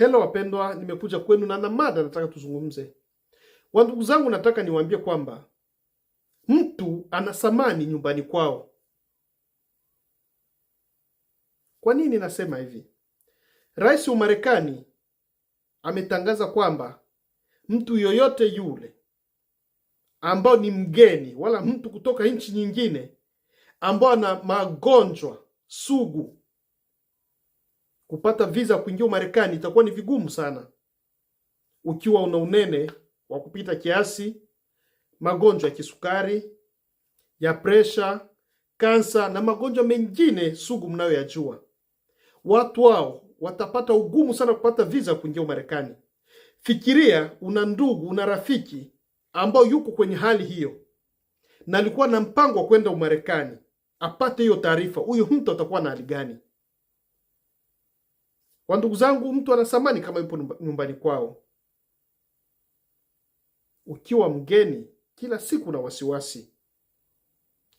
Hello wapendwa, nimekuja kwenu na na mada nataka tuzungumze. Wandugu zangu, nataka niwaambie kwamba mtu ana samani nyumbani kwao. Kwa nini nasema hivi? Rais wa Marekani ametangaza kwamba mtu yoyote yule ambao ni mgeni wala mtu kutoka nchi nyingine ambao ana magonjwa sugu kupata visa kuingia Marekani itakuwa ni vigumu sana, ukiwa una unene wa kupita kiasi, magonjwa ya kisukari, ya presha, kansa na magonjwa mengine sugu mnayoyajua. Watu hao watapata ugumu sana kupata visa kuingia Marekani. Fikiria una ndugu, una rafiki ambao yuko kwenye hali hiyo na alikuwa na mpango wa kwenda Umarekani, apate hiyo taarifa, huyu mtu atakuwa na hali gani? Kwa ndugu zangu, mtu anasamani kama yupo nyumbani kwao. Ukiwa mgeni, kila siku na wasiwasi,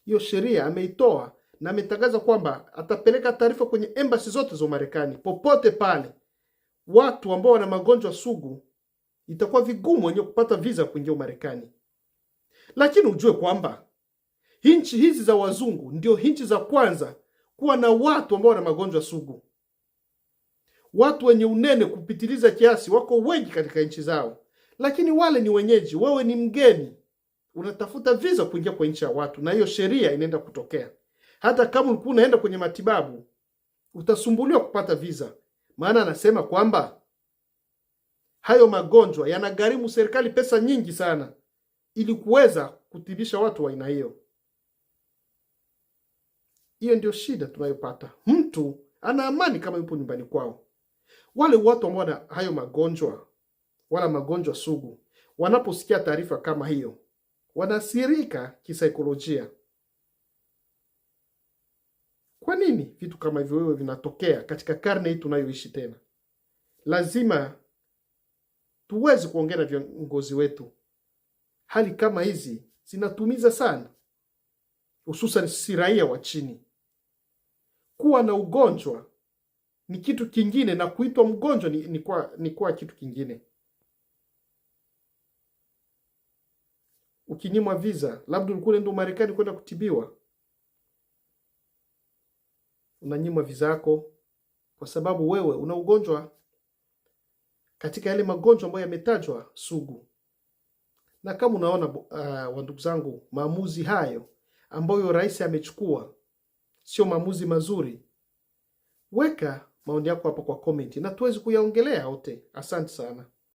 hiyo sheria ameitoa na ametangaza kwamba atapeleka taarifa kwenye embassy zote za Marekani. Popote pale watu ambao wana magonjwa sugu itakuwa vigumu wenyewe kupata visa kuingia Marekani, lakini ujue kwamba nchi hizi za wazungu ndio nchi za kwanza kuwa na watu ambao wana magonjwa sugu. Watu wenye unene kupitiliza kiasi wako wengi katika nchi zao, lakini wale ni wenyeji, wewe ni mgeni, unatafuta visa kuingia kwa nchi ya watu, na hiyo sheria inaenda kutokea. Hata kama ulikuwa unaenda kwenye matibabu, utasumbuliwa kupata visa, maana anasema kwamba hayo magonjwa yanagharimu serikali pesa nyingi sana, ili kuweza kutibisha watu wa aina hiyo. Hiyo ndio shida tunayopata. Mtu ana amani kama yupo nyumbani kwao. Wale watu ambao wana hayo magonjwa wala magonjwa sugu, wanaposikia taarifa kama hiyo, wanasirika kisaikolojia. Kwa nini vitu kama hivyo wewe vinatokea katika karne hii tunayoishi? Tena lazima tuweze kuongea na viongozi wetu. Hali kama hizi zinatumiza sana, hususan si raia wa chini. Kuwa na ugonjwa ni kitu kingine na kuitwa mgonjwa ni, ni, kwa, ni kwa kitu kingine. Ukinyimwa visa, labda ulikuwa unaenda Marekani kwenda kutibiwa, unanyimwa visa yako kwa sababu wewe una ugonjwa katika yale magonjwa ambayo yametajwa sugu. Na kama unaona uh, wandugu zangu, maamuzi hayo ambayo rais amechukua sio maamuzi mazuri. Weka maoni yako hapo kwa comment, na tuwezi kuyaongelea yote. Asante sana.